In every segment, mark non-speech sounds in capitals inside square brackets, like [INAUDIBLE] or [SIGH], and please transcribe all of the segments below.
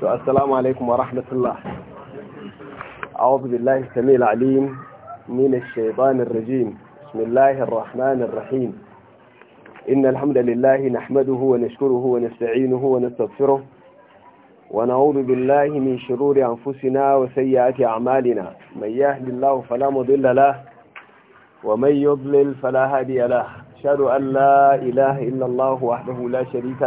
to assalamu alaikum wa rahmatullah a'udhu billahi samil alim min ash-shaytanir rajim bismillahir rahmanir rahim innal hamdalillahi nahmaduhu wa nashkuruhu wa nasta'inuhu wa nastaghfiruh wa na'udhu billahi min shururi anfusina wa a'malina may yahdihillahu fala mudilla lah wa may yudlil fala hadiya lah ashhadu wahdahu la sharika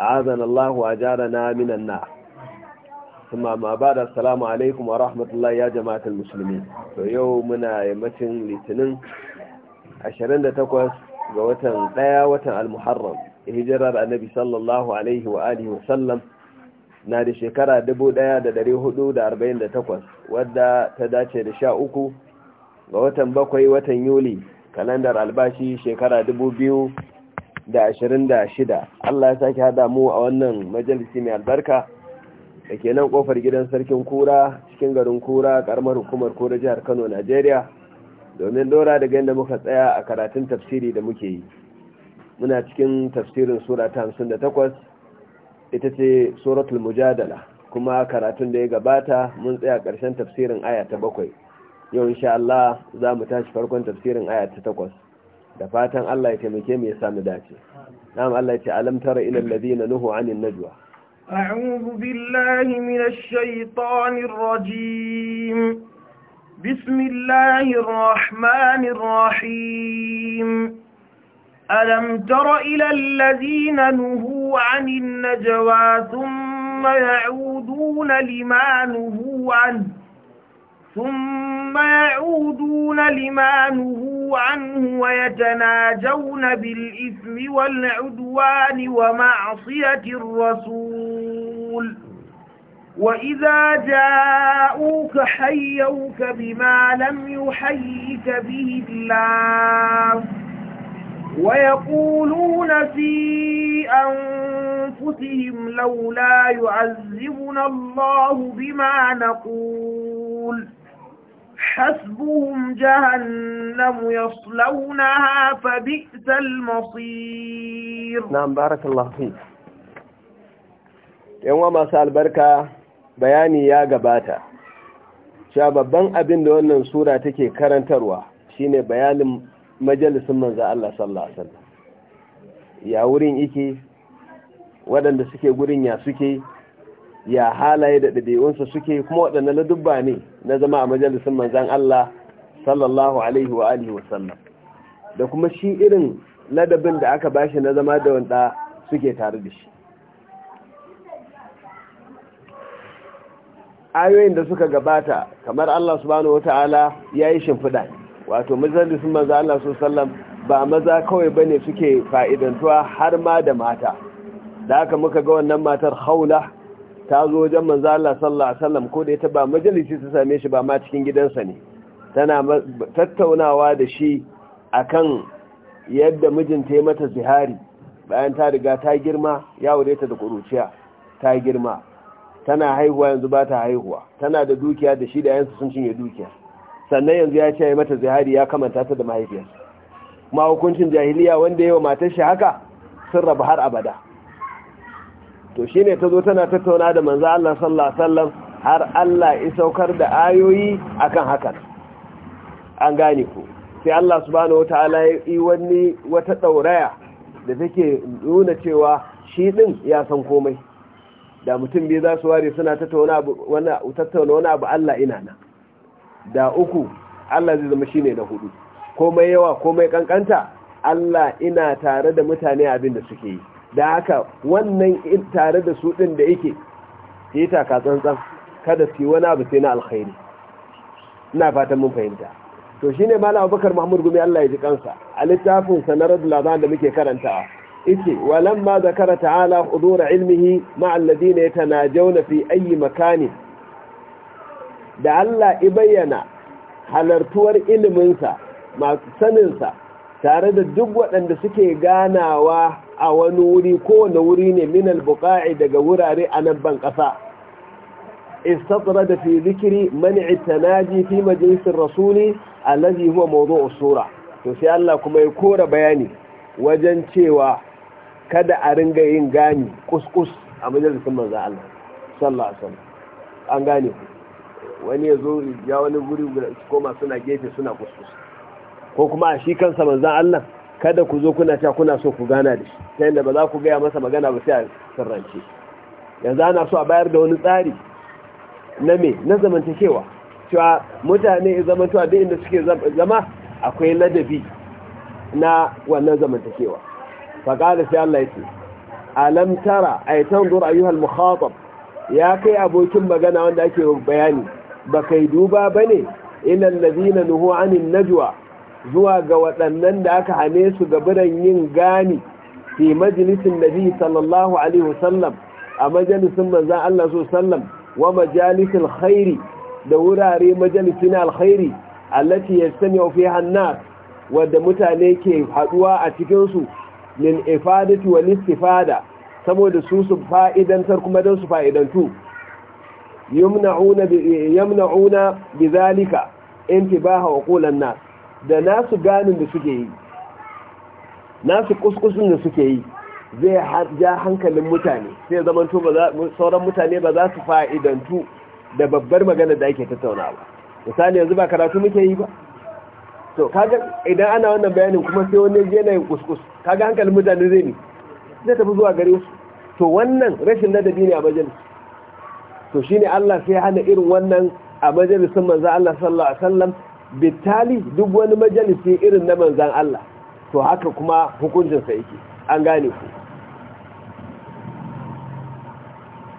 أعاذنا الله وأجارنا من النار ثم ما بعد السلام عليكم ورحمة الله يا جماعة المسلمين يومنا يمتن لتنين عشرين تقوس ووتن لا وتن المحرم hijirar annabi sallallahu alaihi wa alihi na da shekara 1448 wadda ta dace da sha uku ga watan bakwai watan yuli kalandar albashi shekara dubu biyu. da ashirin da shida Allah ya sake hada mu a wannan majalisi mai albarka da ke nan kofar gidan sarkin kura cikin garin kura ƙaramar hukumar kura jihar kano najeriya domin ɗora daga da muka tsaya a karatun tafsiri da muke yi muna cikin tafsirin sura ta hamsin da takwas ita ce suratul mujadala kuma karatun da ya gabata mun tsaya karshen tafsirin aya ta bakwai yau insha Allah za mu tashi farkon tafsirin aya ta takwas da fatan Allah ya taimake mu ya sami dace na'am Allah ya ce alam tara ila alladhina nuhu anin najwa a'udhu billahi minash shaitanir rajim bismillahir rahmanir rahim alam tara إلى الذين nuhu anin najwa thumma يعودون لما نهوا عنه ثم يعودون لما نهوا عنه ويتناجون بالإثم والعدوان ومعصية الرسول وإذا جاءوك حيوك بما لم يحيك به الله ويقولون في أنفسهم لولا يعذبنا الله بما نقول حسبهم جهنم يصلونها فبئس المصير نعم بارك الله فيك yanwa masu albarka bayani ya gabata cewa babban abin da wannan sura take karantarwa shine bayanin majalisun manzo Allah sallallahu alaihi wasallam ya wurin yake waɗanda suke gurin ya suke ya halaye da ɗabi'unsa suke kuma waɗanne dubba ne na zama a majalisun manzan Allah sallallahu alaihi wa alihi wa sallam da kuma shi irin ladabin da aka bashi na zama da wanda suke tare da shi ayoyin da suka gabata kamar Allah subhanahu ta’ala ya yi shimfiɗa wato majalisun manzan Allah sallam ba maza kawai bane suke fa'idantuwa har ma da mata da haka muka ga wannan matar haula ta zo wajen manzo Allah sallallahu alaihi wasallam ko da ita ba majalisi ta same shi ba ma cikin gidansa ne tana tattaunawa da shi akan yadda mijinta ya mata zihari bayan ta riga ta girma ya aure ta da kuruciya ta girma tana haihuwa yanzu ba ta haihuwa tana da dukiya da shi da yansu sun cinye dukiya sannan yanzu ya ce ya mata zihari ya kamanta ta da mahaifiyarsa ma hukuncin jahiliya wanda yawa matar shi haka sun rabu har abada to shi ne ta zo tana tattauna da manza Allah sallallahu alaihi har Allah ya saukar da ayoyi akan hakan an gane ku sai Allah subhanahu wataala wata yi wani wata dauraya da take nuna cewa shi din ya san komai da mutum biyu za su ware suna tattauna wani abu Allah ina na da uku Allah zai zama shi ne da hudu komai yawa komai ƙanƙanta Allah ina tare da mutane abin da suke yi da haka wannan tare da su ɗin da yake su yi takatsantsan kada su yi wani abu sai na alkhairi ina fatan mun fahimta to shi ne mana abubakar mahmud gumi allah ya ji kansa a littafin sanarar labaran da muke karantawa Walan ma zakara ta'ala hudura ilmihi na ladina na fi ayi makani da Allah i bayyana halartuwar iliminsa masu saninsa tare da duk waɗanda suke ganawa a wani wuri kowane wuri ne minal buƙa'i daga wurare a nan ban ƙasa istatsara da fi zikiri mani itanaji fi majalisar rasuli allazi huwa mawdu usura to sai Allah kuma ya kora bayani wajen cewa kada a ringa yin gani kuskus a majalisar manzo Allah sallallahu alaihi wasallam an gane wani yazo ya wani guri koma suna gefe suna kuskus ko kuma shi kansa manzo Allah kada ku zo kuna cewa kuna so ku gana da shi Sai da ba za ku gaya masa magana ba sai a sirrance yanzu ana so a bayar da wani tsari na me na zamantakewa cewa mutane zamantawa duk inda suke zama akwai ladabi na wannan zamantakewa faƙada sai Allah ya ce alam tara ay tanzur ayyuhal mukhatab ya kai abokin magana wanda ake bayani ba kai duba bane ila allazina nuhu anin najwa zuwa ga waɗannan da aka hane su ga biran yin gani fi majalisin nabi sallallahu alaihi wasallam a majalisin manzan Allah su sallam wa majalisin khairi da wurare majalisin alkhairi allati yastami'u fiha an-nas wadda mutane ke haduwa a cikin su lil ifadati wal istifada saboda su su fa'idantar kuma dan su fa'idantu yamna'una bi yamna'una bidhalika intibaha uqulan nas da nasu ganin da suke yi nasu kuskusun da suke yi zai ja hankalin mutane sai zamanto sauran mutane ba za su fa'idantu da babbar magana da ake tattauna ba misali yanzu ba karatu muke yi ba to kaga idan ana wannan bayanin kuma sai wani yanayin kuskus kaga hankalin mutane zai ne zai tafi zuwa gare su to wannan rashin ladabi ne a majalis to shine Allah sai hana irin wannan a majalisin manzo Allah sallallahu alaihi wasallam bitali duk wani majalisi irin na manzan Allah to haka kuma hukuncinsa yake an gane ku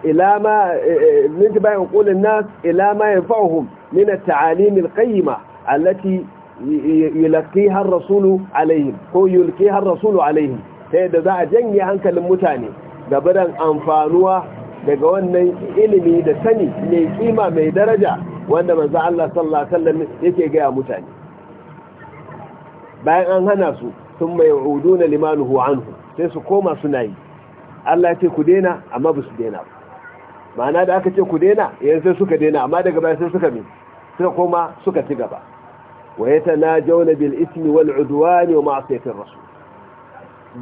ilama eh, eh, minti bayan kulin nas ilama yanfa'uhum min taalim al allati yulqiha ar-rasul alayhim ko yulqiha har rasul alaihim sai da za a janye hankalin mutane gabaran amfanuwa daga wannan ilimi da sani mai kima mai daraja wanda manzo Allah sallallahu alaihi wasallam yake gaya mutane bayan an hana su sun mai uduna limanuhu anhu sai su koma suna yi Allah yake ku daina amma ba su daina ba ma'ana da aka ce ku daina yayin sai suka daina amma daga baya sai suka bi suka koma suka ci gaba wa yatanajawna bil ismi wal udwani wa ma'siyatir rasul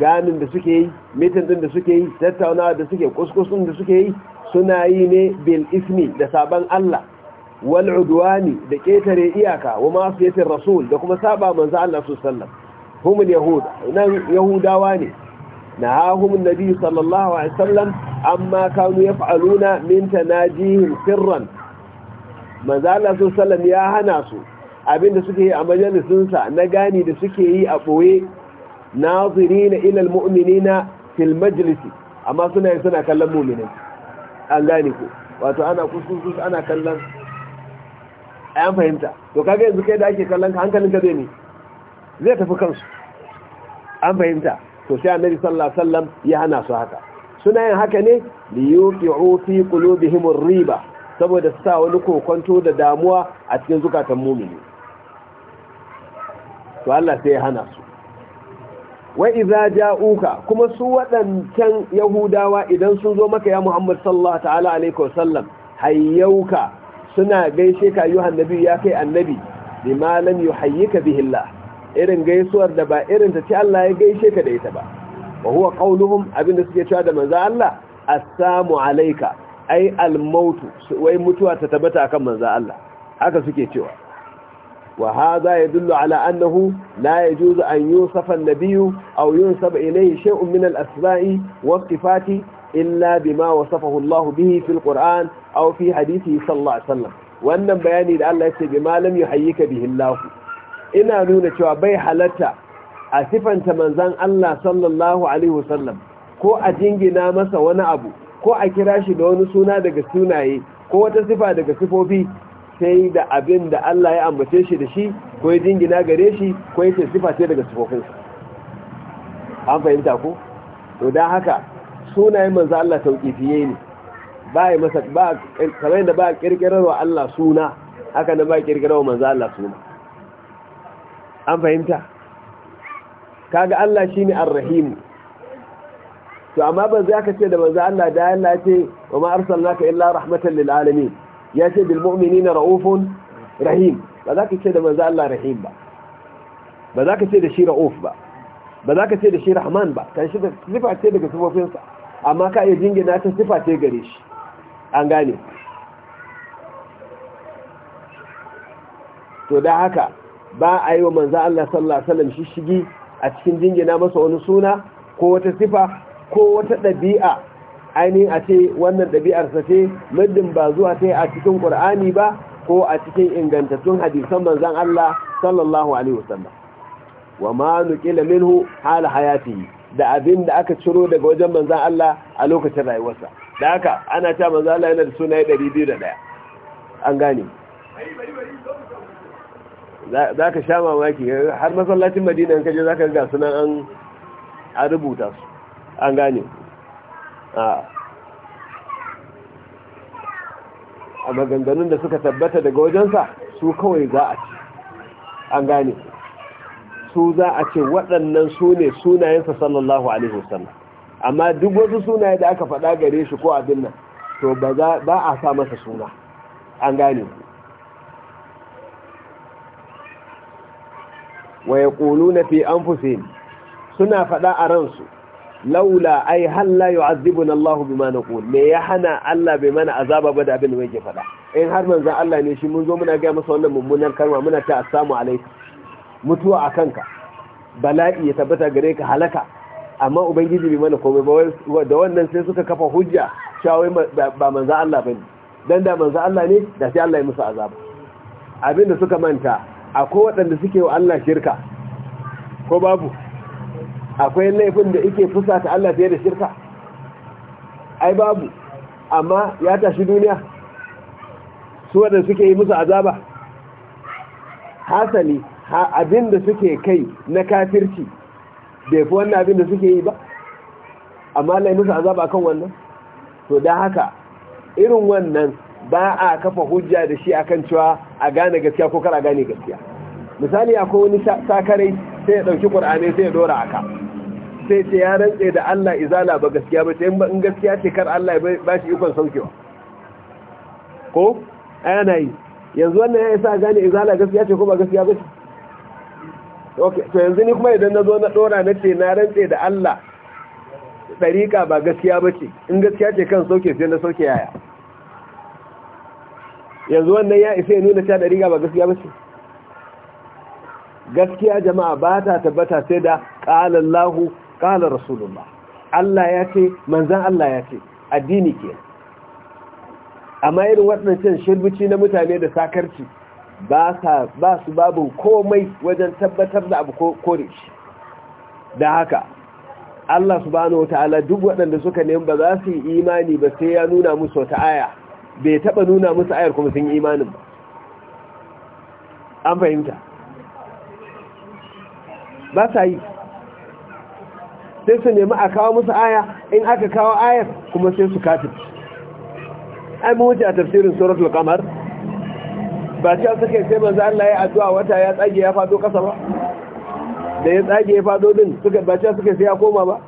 ganin da suke yi mitin din da suke yi tattaunawa da suke kuskusun da suke yi suna yi ne bil ismi da saban Allah wal da ƙetare iyaka wa ma'asiyatir rasul da kuma saba manzo Allah Sallam. Humin Yahuda, nan yahudawa ne nahahum nabi sallallahu alaihi sallam amma kanu yaf'aluna min jihin sirran manzo Allah Sallam ya hana su abinda suke yi a majalisinsa na gani da suke yi a boye nazirina ilal muminina fil majlisi amma suna yi suna kallon mu'minin an gane ku wato ana kusurkus ana kallon a yan fahimta to kaga yanzu kai da ake kallon hankalin ka zai ne zai tafi kansu an fahimta to sai annabi sallallahu alaihi wasallam ya hana su haka suna yin haka ne li yuqi'u fi qulubihim riba saboda su sa wani kokonto da damuwa a cikin zukatan mumini to Allah sai ya hana su wa idza ja'uka kuma su wadancan yahudawa idan sun zo maka ya Muhammad sallallahu ta'ala alaihi wasallam hayyauka suna gaishe ka yi hannabi ya kai annabi bima lam yuhayyika bihi Allah irin gaisuwar da ba irin ta ce Allah ya gaishe ka da ita ba wa huwa ƙaunuhun abinda suke cewa da manza Allah samu alaika ai almautu wai mutuwa ta tabbata akan manza Allah haka suke cewa wa ya yadullu ala annahu la yajuzu an yusafa an-nabiyyu aw yunsaba ilayhi shay'un min al-asma'i wa sifati illa bima wasafahu Allah bihi fil Qur'an aw fi hadisi sallallahu alaihi wasallam wannan bayani da Allah ya ce bima lam yuhayyika bihi Allah ina nuna cewa bai halatta a sifanta manzan Allah sallallahu alaihi wasallam ko a jingina masa wani abu ko a kira shi da wani suna daga sunaye ko wata sifa daga sifofi sai da abin da Allah ya ambace shi da shi ko ya jingina gare shi ko ya ce sifa ce daga sifofinsa an fahimta ko to don haka sunayen manzo Allah tauqifiye ne ba ya masa ba kamar yadda ba kirkirarwa Allah suna haka nan ba wa manzo Allah suna an fahimta kaga Allah shine ar-rahim to amma ban za ka ce da manzo Allah da Allah ce wa ma arsalnaka illa rahmatan lil alamin ya ce bil mu'minina raufun rahim ba za ka ce da manzo Allah rahim ba ba za ka ce da shi rauf ba ba za ka ce da shi rahman ba kan shi da sifa ce daga sifofinsa amma ka iya jingina ta sifa ce gare shi an gane to da haka ba a yi wa manza Allah sallallahu alaihi wasallam shishigi a cikin jingina masa wani suna ko wata sifa ko wata ɗabi'a ainihin a ce wannan ɗabi'arsa ce muddin ba zuwa sai a cikin ƙur'ani ba ko a cikin ingantattun hadisan manzan Allah sallallahu alaihi wasallam wa ma nuqila minhu hal hayatihi da abin da aka ciro daga wajen manzan Allah a lokacin rayuwarsa da haka ana ta manzan Allah yana da da 201 an gane za ka sha mamaki har masallacin madina kaje za ka ga sunan an rubuta su an gane a maganganun da suka tabbata daga wajensa su kawai za a ci an gane su za a ce waɗannan su ne sunayensa sallallahu alaihi wasallam amma duk wasu sunaye da aka faɗa gare shi ko abin nan to ba a sa masa suna an gane wa ya ƙulu na fi an suna faɗa a ransu laula ai halla yi azibin Allah bi mana ku! me ya hana Allah bai mana azaba ba da abin da ke faɗa in har manzan Allah ne shi mun zo muna gaya masa wannan mummunar karma muna ta samu alaikum mutuwa a kanka bala'i ya tabbata gare ka halaka amma ubangiji bai mana komai ba da wannan sai suka kafa hujja shawai ba manzo Allah bane dan da manzo Allah ne da sai Allah ya musu azaba abinda suka manta akwai waɗanda suke wa Allah shirka ko babu akwai laifin da yake fusata Allah fiye da shirka ai babu amma ya tashi duniya su wadanda suke yi musu azaba hasali abin da suke kai na kafirci bai fi wannan abin da suke yi ba amma lai musu azaba kan wannan to da haka irin wannan ba a kafa hujja da shi akan cewa a gane gaskiya ko kar a gane gaskiya misali akwai wani sakarai sai ya dauki qur'ani sai ya dora aka sai ce ya rantse da Allah izala ba gaskiya ba sai in gaskiya ce kar Allah ba shi ikon saukewa ko ayana yi yanzu wannan ya sa gane izala gaskiya ce ko ba gaskiya ba ce to yanzu ni kuma idan na zo na ɗora na ce na rantse da Allah ɗariƙa ba gaskiya ba ce in gaskiya ce kan sauke sai na sauke yaya yanzu wannan ya isa ya nuna cewa ɗariƙa ba gaskiya ba ce gaskiya jama'a ba ta tabbata sai da ƙalallahu ƙalar rasulullah Allah ya ce manzan Allah ya ce addini ke amma irin waɗancan shirbici na mutane da sakarci ba su babu komai wajen tabbatar da abu kore shi da haka Allah subhanahu ta'ala duk waɗanda suka nemi ba za su yi imani ba sai ya nuna musu wata aya bai taɓa nuna musu ayar kuma sun yi imanin ba an fahimta ba sa yi sai su nemi a kawo musu aya in aka kawo ayar kuma sai su kafin ai mu wuce a tafsirin suratul qamar ba an suka sai manzo Allah ya addu'a wata ya tsage ya fado kasa ba da ya tsage ya fado din suka ba ce suka sai ya koma ba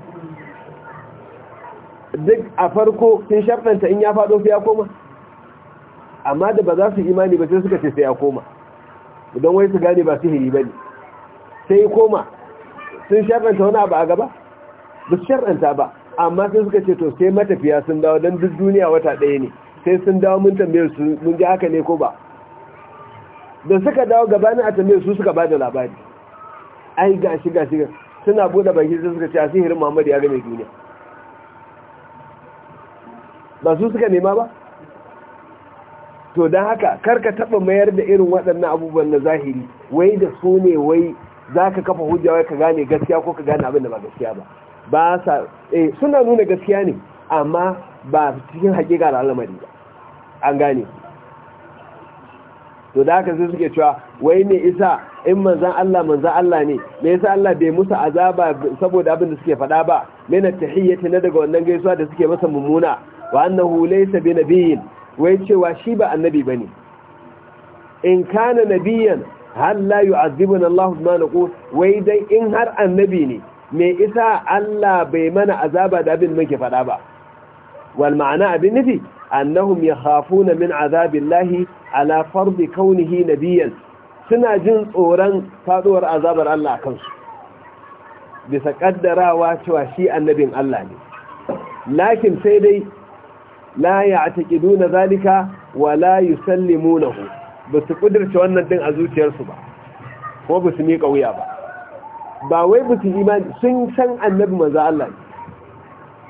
duk a farko sun shafanta in ya fado sai ya koma amma da ba za su imani ba sai suka ce sai ya koma don wai su gane ba sihiri bane sai ya koma sun shafanta wani abu a gaba ba su shartanta ba amma sai suka ce to sai matafiya sun dawo don duk duniya wata ɗaya ne sai sun dawo mun tambayar su mun ji haka ne ko ba da suka dawo gabanin a tambayar su suka bada labari ai ga shi suna bude baki sai suka ce a Muhammad ya game duniya ba su suka nema ba to dan haka karka taba mayar da irin waɗannan abubuwan na zahiri wai da su ne wai za kafa hujja wai ka gane gaskiya ko ka gane abin da ba gaskiya ba ba sa eh suna nuna gaskiya ne amma ba cikin hakika al'amari ba an gane to da haka sai suke cewa wai ne isa in manzan Allah manzan Allah ne me yasa Allah bai musu azaba saboda abin da suke faɗa ba me na tahiyyati na daga wannan gaisuwa da suke masa mummuna wa annahu laysa bi nabiyyin wai cewa shi ba annabi bane in kana nabiyyan hal la yu'azzibuna Allahu bima naqu wai dai in har annabi ne me isa Allah bai mana azaba da abin muke faɗa ba wal ma'ana abin nufi annahum yakhafuna min azabillahi ala fardi kaunihi nabiyan suna jin tsoron faduwar azabar Allah kansu bisa kaddarawa cewa shi annabin Allah ne lakin sai dai la ya'taqiduna zalika wa la yusallimunahu ba su kudirce wannan din a zuciyarsu ba ko ba su miƙa wuya ba ba wai mutum imani sun san annabi manzo Allah ne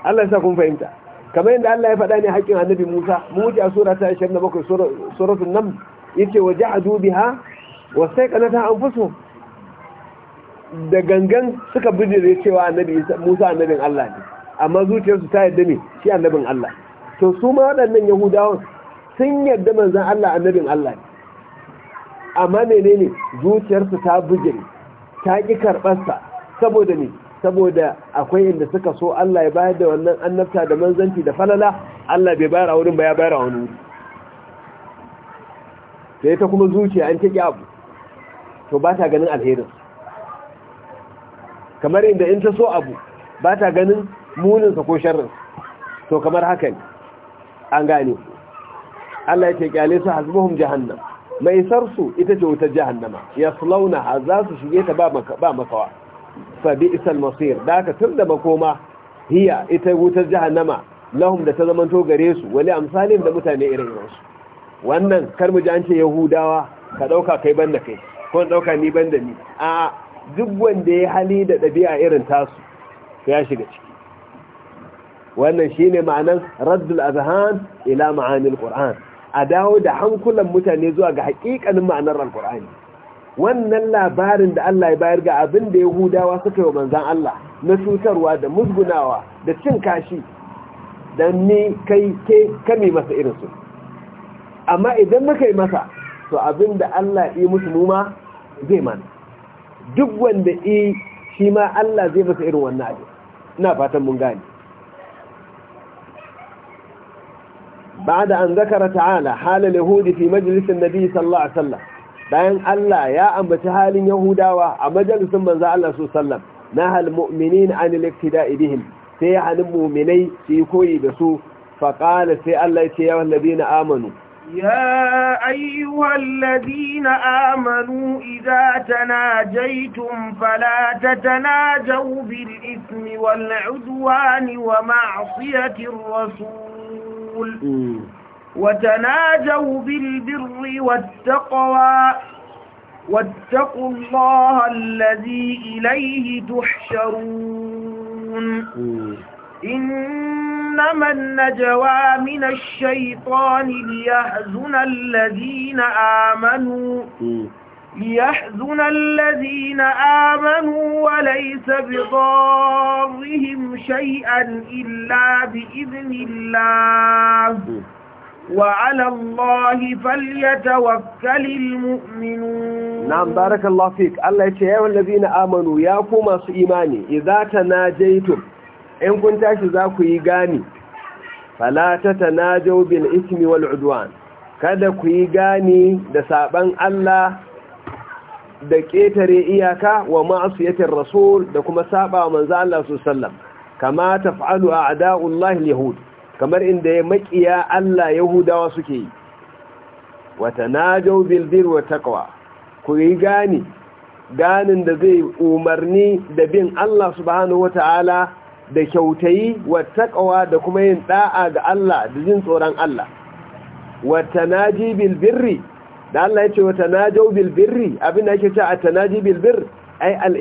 Allah ya sa kun fahimta kamar yadda Allah ya faɗa ne haƙƙin annabi Musa mu wuce a sura ta 27 suratul nam yace wa ja'adu biha wa sayqanata anfusuhum da gangan suka bijire cewa annabi Musa annabin Allah ne amma zuciyarsu ta yadda ne shi annabin Allah to su ma waɗannan Yahudawan sun yadda manzon Allah annabin Allah ne amma menene zuciyarsu ta bijire ta ki karɓarsa saboda ne saboda akwai inda suka so Allah ya bayar da wannan annabta da manzanci da falala Allah bai bayar a wurin ba ya bayar a wani wuri sai ta kuma zuciya an take abu to ba ta ganin alherin kamar inda in ta so abu ba ta ganin muninsa ko sharrin to kamar haka ne an gane Allah ya ce kyale su hasbuhum jahannam mai sarsu ita ce wutar jahannama a za su shige ta ba makawa fa masir da tun da makoma hiya ita wutar jahannama lahum da ta zamanto gare su wali amsalin da mutane irin su wannan kar mu ji an ce yahudawa ka dauka kai banda kai ko dauka ni banda ni a duk wanda ya hali da dabi'a irin tasu ya shiga ciki wannan shine ma'anar raddul azhan ila ma'anil qur'an a dawo da hankulan mutane zuwa ga haƙiƙanin ma'anar alqur'ani wannan labarin da Allah ya bayar ga abin da Yahudawa suka yi wa manzan Allah na cutarwa da musgunawa da cin kashi don ni kai ke kame masa irinsu amma idan muka yi masa to abin da Allah yi musu muma zai mana duk wanda yi shi ma Allah zai masa irin wannan abin na fatan mun gani بعد أن ذكر تعالى حال اليهود في مجلس النبي صلى الله عليه وسلم bayan Allah ya ambaci halin Yahudawa a majalisun manzo Allah su sallam na hal mu'minin an al-iktida'i sai ya halin mu'minai su yi koyi da su fa qala sai Allah ya ce ya wallazina amanu يا أيها الذين آمنوا إذا تناجيتم فلا تتناجوا بالإثم والعدوان ومعصية الرسول وتناجوا بالبر والتقوى واتقوا الله الذي إليه تحشرون إنما النجوى من الشيطان ليحزن الذين آمنوا ليحزن الذين آمنوا وليس بضارهم شيئا إلا بإذن الله وعلى الله فليتوكل المؤمنون نعم بارك الله فيك الله يتيا الذين امنوا يا كما إيماني اذا تناجيتم ان كنت أشذاك يغاني فلا تتناجوا بالاسم والعدوان kada ku yi gani da saban Allah da ketare iyaka wa ma'asiyatin rasul da kuma saba manzo Allah sallallahu alaihi wasallam kama taf'alu a'da'ullahi al-yahud kamar inda ya makiya Allah Yahudawa suke yi wata na jau bilbir wa takwa ku yi gani ganin da zai umarni da bin Allah subhanahu wata'ala da kyautayi wa takwa da kuma yin ɗa'a ga Allah da jin tsoron Allah wata ji bilbirri da Allah ya ce wata na jau bilbirri abin da ake na ji bilbir ai al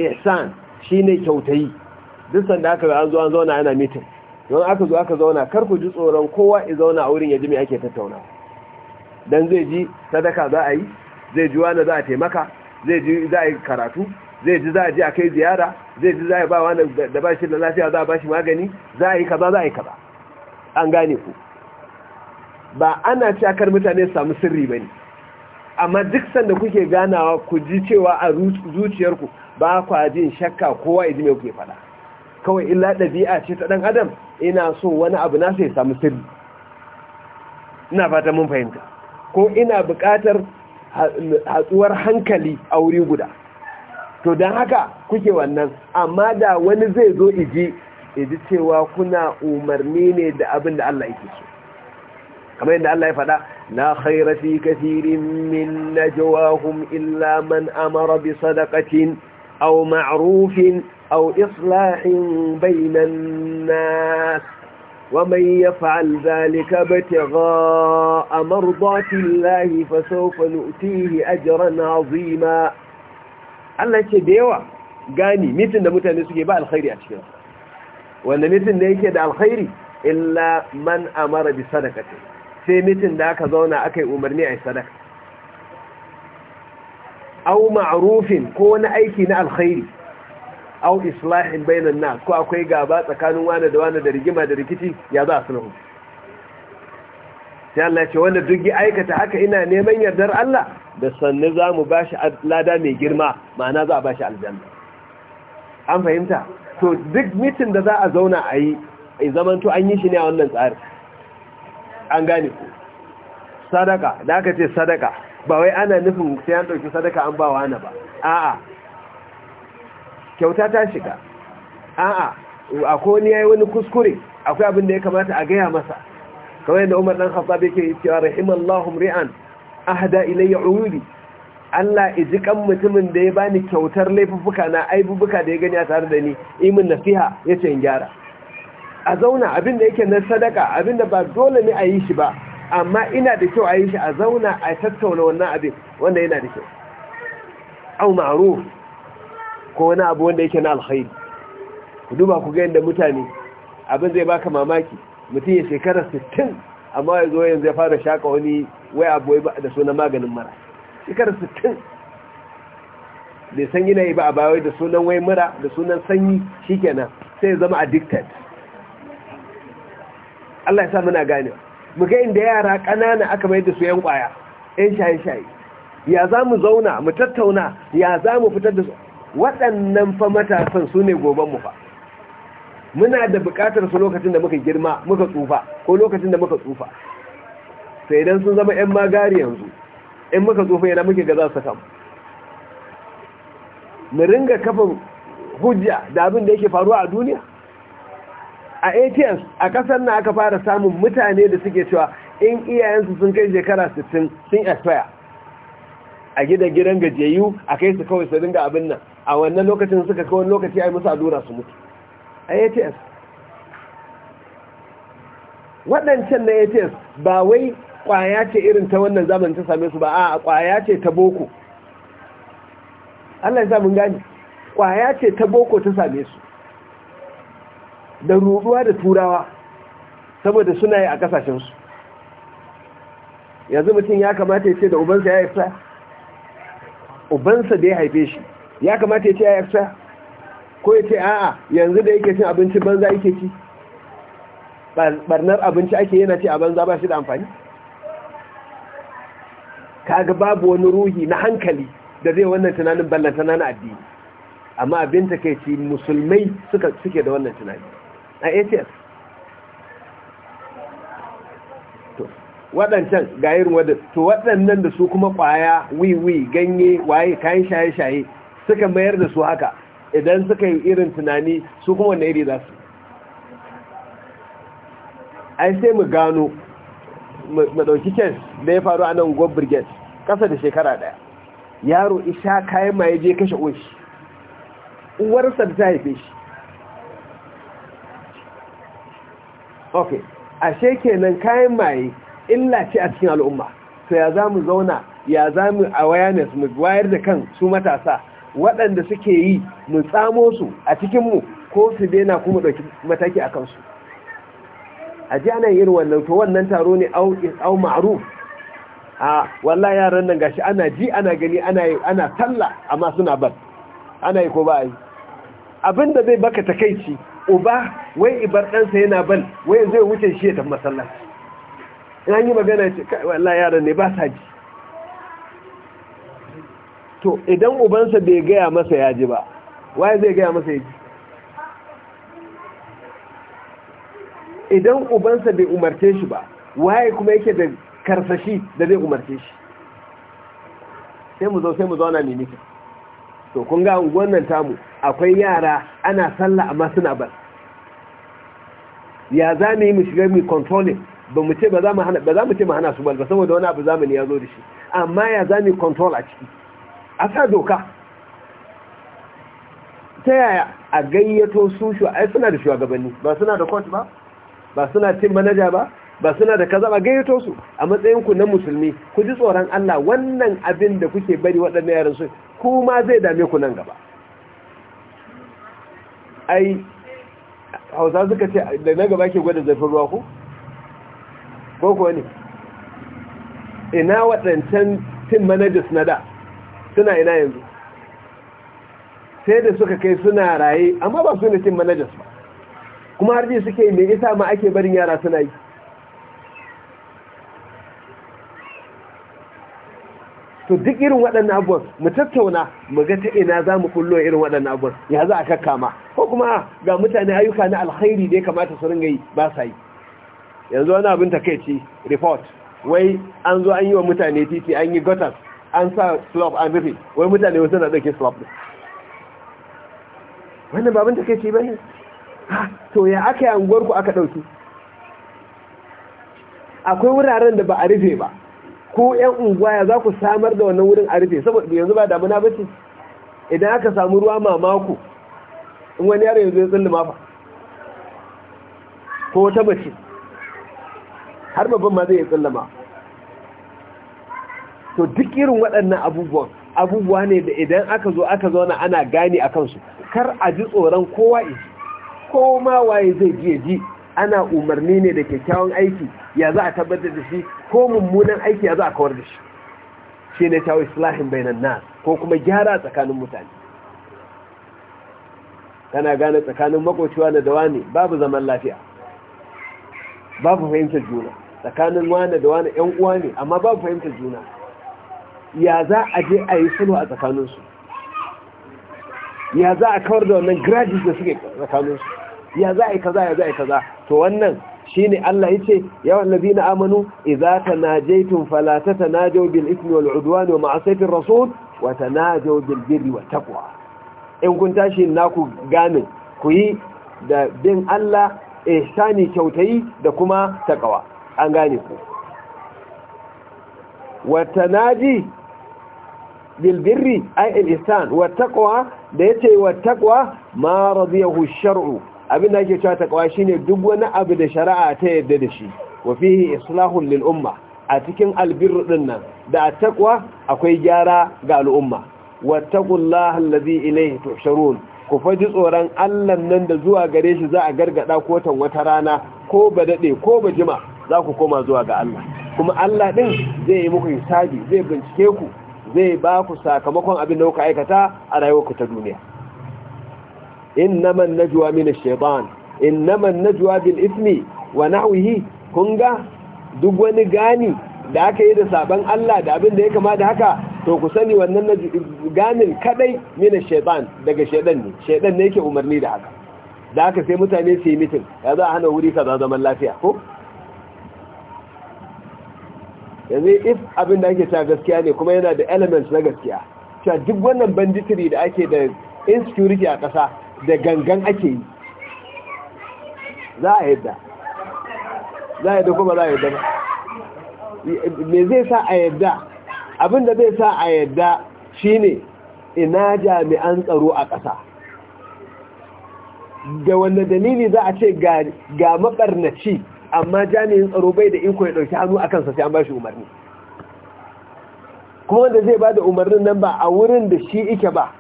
Shi ne kyautayi duk sanda aka an zo an zauna ana mitin don aka zo aka zauna kar ku ji tsoron kowa ya zauna a wurin ya mai ake tattauna Don zai ji sadaka za a yi zai ji wani za a taimaka zai ji za a yi karatu zai ji za a ji a kai ziyara zai ji za a ba wani da ba shi da lafiya za a ba shi magani za a yi kaza za a yi kaza an gane ku ba ana cakar mutane samu sirri ba ne amma duk sanda kuke ganawa ku ji cewa a zuciyarku ba kwa jin shakka kowa ya ji kuke faɗa kawai illa ɗabi'a ce ta ɗan adam ina so wani abu na sai samu sirri ina fata mun fahimta ko ina buƙatar hatsuwar hankali a wuri guda to don haka kuke wannan amma da wani zai zo iji iji cewa kuna umarni ne da abin da Allah yake so kamar yadda Allah ya faɗa Na khaira fi kathirin min najwahum illa man amara bi sadaqatin aw ma'rufin أو إصلاح بين الناس ومن يفعل ذلك ابتغاء مرضات الله فسوف نؤتيه أجرا عظيما Allah ce da yawa gani mitin da mutane suke ba alkhairi a cikin wanda mitin da yake da alkhairi illa man amara bi sadaqati sai mitin da aka zauna aka yi umarni a yi sadaka aw ma'rufin ko wani aiki na alkhairi au islahin bainan nas ko akwai gaba tsakanin wane da wane da rigima da rikici ya za su sulhu sai Allah ce wanda duk ya aikata haka ina neman yardar Allah da sanne za mu ba shi lada mai girma ma'ana za a ba shi aljanna an fahimta to duk mitin da za a zauna a yi a zamanto an yi shi ne a wannan tsari an gane ku sadaka da aka ce sadaka ba wai ana nufin sai an ɗauki sadaka an ba ana ba a'a kyauta ta shiga a'a akwai wani yayi wani kuskure akwai abin da ya kamata a gaya masa kamar yadda Umar dan Khattab yake cewa rahimallahu ri'an ahda ilayya uyubi Allah iji kan mutumin da ya bani kyautar laifuffuka na aibubuka da ya gani a tare da ni imin nasiha yace in gyara a zauna abin da yake na sadaka abin da ba dole ne a yi shi ba amma ina da kyau a yi shi a zauna a tattauna wannan abin wanda yana da kyau au ma'ruf ko wani abu wanda yake na alkhairi ku duba ku ga yadda mutane abin zai baka mamaki mutum ya shekara 60 amma ya zo yanzu ya fara shaka wani wai abu da sunan maganin mara shekara 60 bai san yana yi ba a bawai da sunan wai mura da sunan sanyi shikenan sai ya zama addicted Allah ya sa muna gane mu ga inda yara ƙanana aka mai da su yan kwaya yan shaye-shaye ya za mu zauna mu tattauna ya za mu fitar da su waɗannan fa matasan su ne goben fa muna da buƙatar su lokacin da muka girma muka tsufa ko lokacin da muka tsufa sai idan sun zama 'yan magari yanzu in muka tsufa yana muke gaza su kam mu ringa kafin hujja da abin da yake faruwa a duniya a ATS a ƙasar na aka fara samun mutane da suke cewa in iyayensu sun kai shekara 60 sun expire a gidan gidan gajiyayyu a kai su kawai su ringa abin nan a wannan lokacin suka kawo lokaci ai musu alura su mutu a ats waɗancan na ats ba wai ƙwaya ce irin ta wannan zamani ta same su ba a ƙwaya ce ta boko allah ya sa mun gani ƙwaya ce ta boko ta same su da ruɗuwa da turawa saboda suna yi a ƙasashensu yanzu mutum ya kamata ya ce da ubansa ya yi sa ubansa da ya haife shi ya kamata ya ce ya ko ya ce a'a yanzu da yake cin abinci banza yake ci barnar abinci ake yana ce a banza ba shi da amfani kaga babu wani ruhi na hankali da zai wannan tunanin ballantana na addini amma abin ta kai ci musulmai suka suke da wannan tunani a ats to waɗancan ga irin wadda to waɗannan da su kuma ƙwaya wiwi ganye waye kayan shaye-shaye suka mayar da su haka idan suka yi irin tunani su kuma wanda iri za su ai sai mu gano madauki dauki da ya faru a nan gob brigade kasa da shekara daya yaro isha kayan maye je kashe unshi uwarsa da ta haife shi ok ashe kenan kayan maye illa ce a cikin al'umma to ya za mu zauna ya za mu awareness mu wayar da kan su matasa waɗanda suke yi mu tsamo su a cikinmu ko su daina kuma ɗauki mataki a kansu a ji ana yin wannan to wannan taro ne au maru. a wallah yaran nan gashi ana ji ana gani ana yi ana talla amma suna ban, ana yi ko ba yi abinda zai baka takaici uba wai ibar ɗansa yana bal wai zai wuce shi ya tafi masallaci in yi magana ce wallahi yaran ne ba sa ji to idan ubansa bai gaya masa ya ji ba waye zai gaya masa ya ji idan ubansa bai umarce shi ba waye kuma yake da karsashi da zai umarce shi sai mu zo sai mu zo na mimika to kun ga unguwannan tamu akwai yara ana sallah amma suna bar ya za mu yi mu shiga mu controlling ba mu ce ba za mu hana su bal ba saboda wani abu zamani ya zo da shi amma ya za mu control a ciki a sa doka ta yaya a gayyato su yi suna da shugabanni ba suna da coach ba ba suna cin manager ba ba suna da kaza ba gayyato su a matsayin ku na musulmi ku ji tsoron Allah wannan abin da kuke bari waɗannan yaran su kuma zai dame ku nan gaba ai hausa suka ce da na gaba ke gwada zafin ruwa ku ko ko ne ina waɗancan tim managers na da suna ina yanzu sai da suka kai suna raye amma ba su ne cin manajas ba kuma har ji suke mai isa ma ake barin yara suna yi to duk irin waɗannan abubuwan mu tattauna mu ga ta ina za mu kullo irin waɗannan abubuwan ya za a kakka ma? ko kuma ah, ga mutane ayyuka na alkhairi da ya kamata su ringa yi ba sa yi yanzu wani abin takaici report wai an zo an yi wa mutane titi an yi gutters an sa slop an rufe wai mutane wasu na ɗauke slop ɗin wannan babin take ce ba ne to ya aka yi ku aka ɗauki akwai wuraren da ba a rufe ba ko yan unguwa ya za ku samar da wannan wurin a rufe saboda yanzu ba damuna ba ce idan aka samu ruwa mamaku, in wani yaro yanzu ya tsulli mafa ko wata mace har babban ma zai ya tsullama to duk irin waɗannan abubuwan abubuwa ne da idan aka zo aka zauna ana gane a kansu kar a ji tsoron kowa iji ko ma waye zai ji ji ana umarni ne da kyakkyawan aiki ya za a tabbatar da shi ko mummunan aiki ya za a kawar da shi shi ne shawo islahin bainan nas ko kuma gyara tsakanin mutane kana gane tsakanin makociwa na da wani babu zaman lafiya babu fahimtar juna tsakanin wani da wani yan uwa ne amma babu fahimtar juna ya za a je a yi sulhu a tsakaninsu ya za a kawar da wannan gradis da suke tsakaninsu ya za a yi kaza ya za a yi kaza to wannan shi ne Allah ce, yace labi na amanu idza tanajaytum ta tatanajaw bil ismi wal udwan wa ma'asiyati rasul wa tanajaw bil birri wa taqwa in kun tashi na ku gane ku yi da bin Allah ihsani kyautai da kuma taqwa an gane ku wa naji bilbirri ay al-ihsan wa da yace wa taqwa ma radiyahu sharu abin da yake cewa taqwa shine duk wani abu da shari'a ta yadda da shi wa fihi islahun lil a cikin albirru din nan da takwa akwai gyara ga al'umma wa taqullaha allazi ilayhi tusharun. ku faji tsoron Allah nan da zuwa gare shi za a gargada kotan wata rana ko ba daɗe ko ba jima za ku koma zuwa ga Allah kuma Allah ɗin zai yi muku hisabi zai bincike ku zai ba ku sakamakon abin da kuka aikata a rayuwarku ta duniya innaman najwa min ash-shaytan na najwa bil ismi wa nahwihi kun ga duk wani gani da aka yi da saban Allah da abin da ya kama da haka to ku sani wannan ganin kadai min ash-shaytan daga shaydan ne shaydan ne yake umarni da haka da haka sai mutane su yi mitin ya za a hana wuri kaza zaman lafiya ko yanzu if abin da ake ta gaskiya ne kuma yana da elements na gaskiya cewa duk wannan banditry da ake da insecurity a ƙasa da gangan ake yi za a yadda za a yadda kuma za a yadda ba me zai sa a yadda abin da zai sa a yadda shine ina jami'an tsaro a ƙasa da wanda dalili za a ce ga maɓarnaci amma jami'in tsaro bai da iko ya ɗauki hannu a sa sai an ba umarni kuma wanda zai ba da umarnin nan ba a wurin da shi yake ba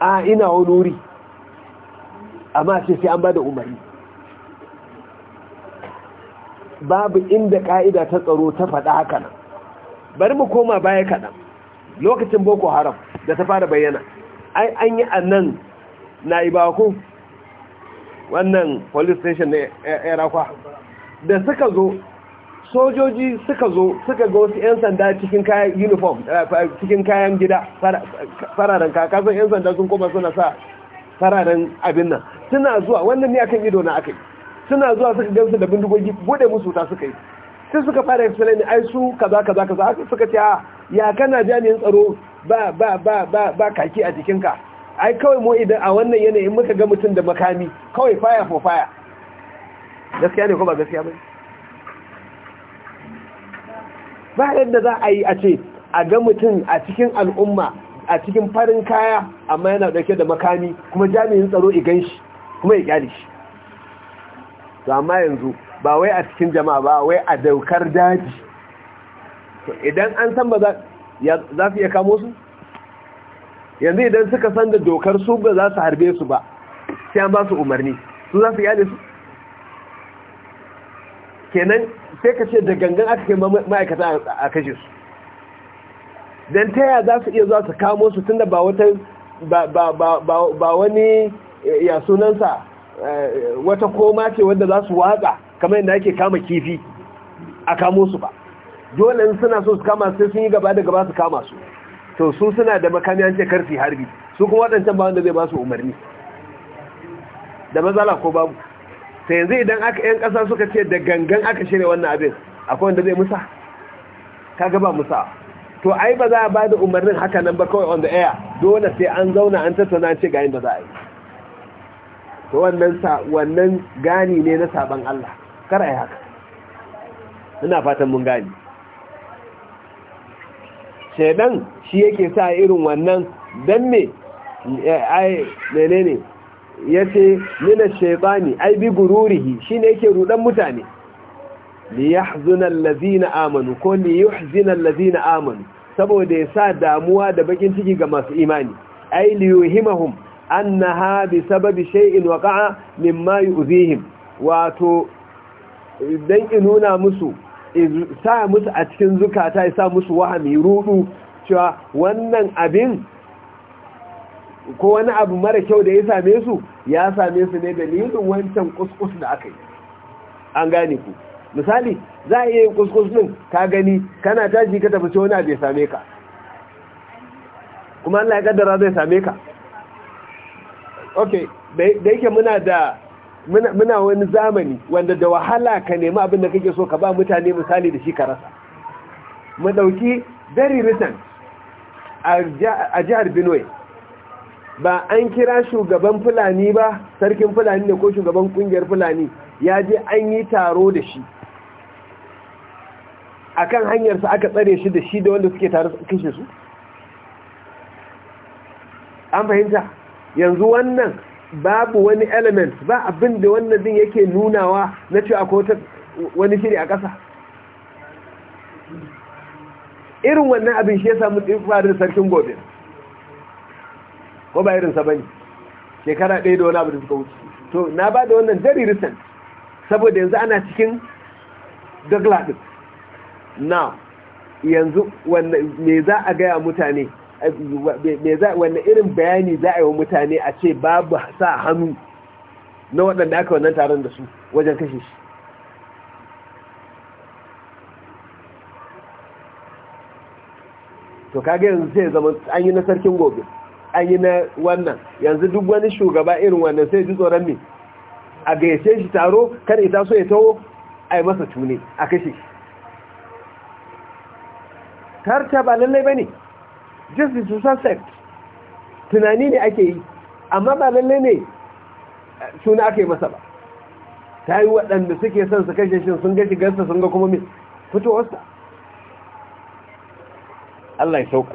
a ina wani wuri amma sai sai an ba umarni babu inda ka'ida ta tsaro ta faɗa haka nan bari mu koma baya kaɗan lokacin boko haram da ta fara bayyana ai an yi a nan na ibakun wannan police station ne erafa eh, eh, da suka zo sojoji suka zo suka ga wasu 'yan sanda cikin kayan uniform eh, cikin kayan gida fararen kakasun 'yan sanda sun koma suna sa fararen abin nan suna zuwa wannan ne akan ido na aka yi suna zuwa suka gamsu da bindigogi bude musu ta suka yi sai suka fara explain ai su kaza kaza kaza suka ce ah, ya kana jami'in tsaro ba ba ba ba kaki a jikinka ai kawai mo idan a wannan yanayin muka ga mutum da makami kawai faya for faya gaskiya ne ko ba gaskiya ba ba yadda za a yi a ce a ga mutum a cikin al'umma a cikin farin kaya amma yana dauke da makami kuma jami'in tsaro i ganshi kuma ya kyale shi to amma yanzu ba wai a cikin jama'a ba wai a daukar daji to idan an san ba za su iya kamo su yanzu idan suka san da dokar su ba za su harbe su ba sai an ba su umarni su za su yale su kenan sai ka ce da gangan aka kai ma'aikata a kashe su don ta yaya za su iya zuwa su kamo su tun da ba wata wani eh, ya sunansa eh, wata koma ce wadda za su watsa kamar yadda ake kama kifi a kamo su ba dole suna so su kama sai sun yi gaba da gaba su kama su to su suna da makami ce karfi harbi su kuma waɗancan ba wanda zai ba su umarni da mazala ko babu sai yanzu idan aka yan ƙasa suka ce da gangan aka shirya wannan abin akwai wanda zai musa kaga gaba musa to ai ba za a ba da umarnin haka nan ba kawai on the air dole sai an zauna an tattauna ce ga da za a yi to wannan wannan gani ne na saban Allah kar ai haka ina fatan mun gani shaidan shi yake sa irin wannan don me ai menene ya ce nina shaibani ai bi gururihi shi ne yake rudan mutane lazi na amanu ko lazi lazina amanu saboda ya sa damuwa da bakin ciki ga masu imani ai na ha bi sababi waka'a waqa'a mimma yu'zihim wato dan nuna musu sa musu a cikin zukata ya sa musu wahami ruɗu cewa wannan abin ko wani abu mara kyau da ya same su ya same su ne dalilin wancan kuskus da aka yi an gane ku misali za a iya yin kuskus din ka gani kana tashi ka tafi wani abu ya same ka kuma Allah ya kaddara zai same ka ok da yake muna da muna wani zamani wanda da wahala ka nemi abin da kake so ka ba mutane misali da shi ka rasa mu dauki very recent, a jihar Benue ba an kira shugaban fulani ba sarkin fulani ne ko shugaban kungiyar fulani ya je an yi taro da shi akan hanyarsa aka tsare shi da shi da wanda suke tare kashe su an fahimta yanzu wannan babu wani element ba abin da wannan din yake nunawa na cewa ko wani shiri a ƙasa irin wannan abin shi ya samu tsifarin sarkin gobe ko ba irinsa ba ne shekara ɗaya da wani abu da suka wuce to na ba da wannan very recent saboda yanzu ana cikin douglas now yanzu me za a gaya mutane wanda irin bayani za a yi wa mutane a ce babu sa hannu na waɗanda aka wannan taron da su wajen kashe shi to kage yanzu sai zama an yi na sarkin gobe an yi na wannan yanzu duk wani shugaba irin wannan sai ji tsoron ne a gayyace shi taro kan ita so ya taho a yi masa tune a kashe shi tartaba ba lallai ba ne just the sex tunani ne ake yi amma ba lalle ne eh, suna aka yi masa ba ta yi waɗanda suke son su kashe shi sun gashi shigarsa sun ga kuma mai fitowarsa Allah ya sauƙa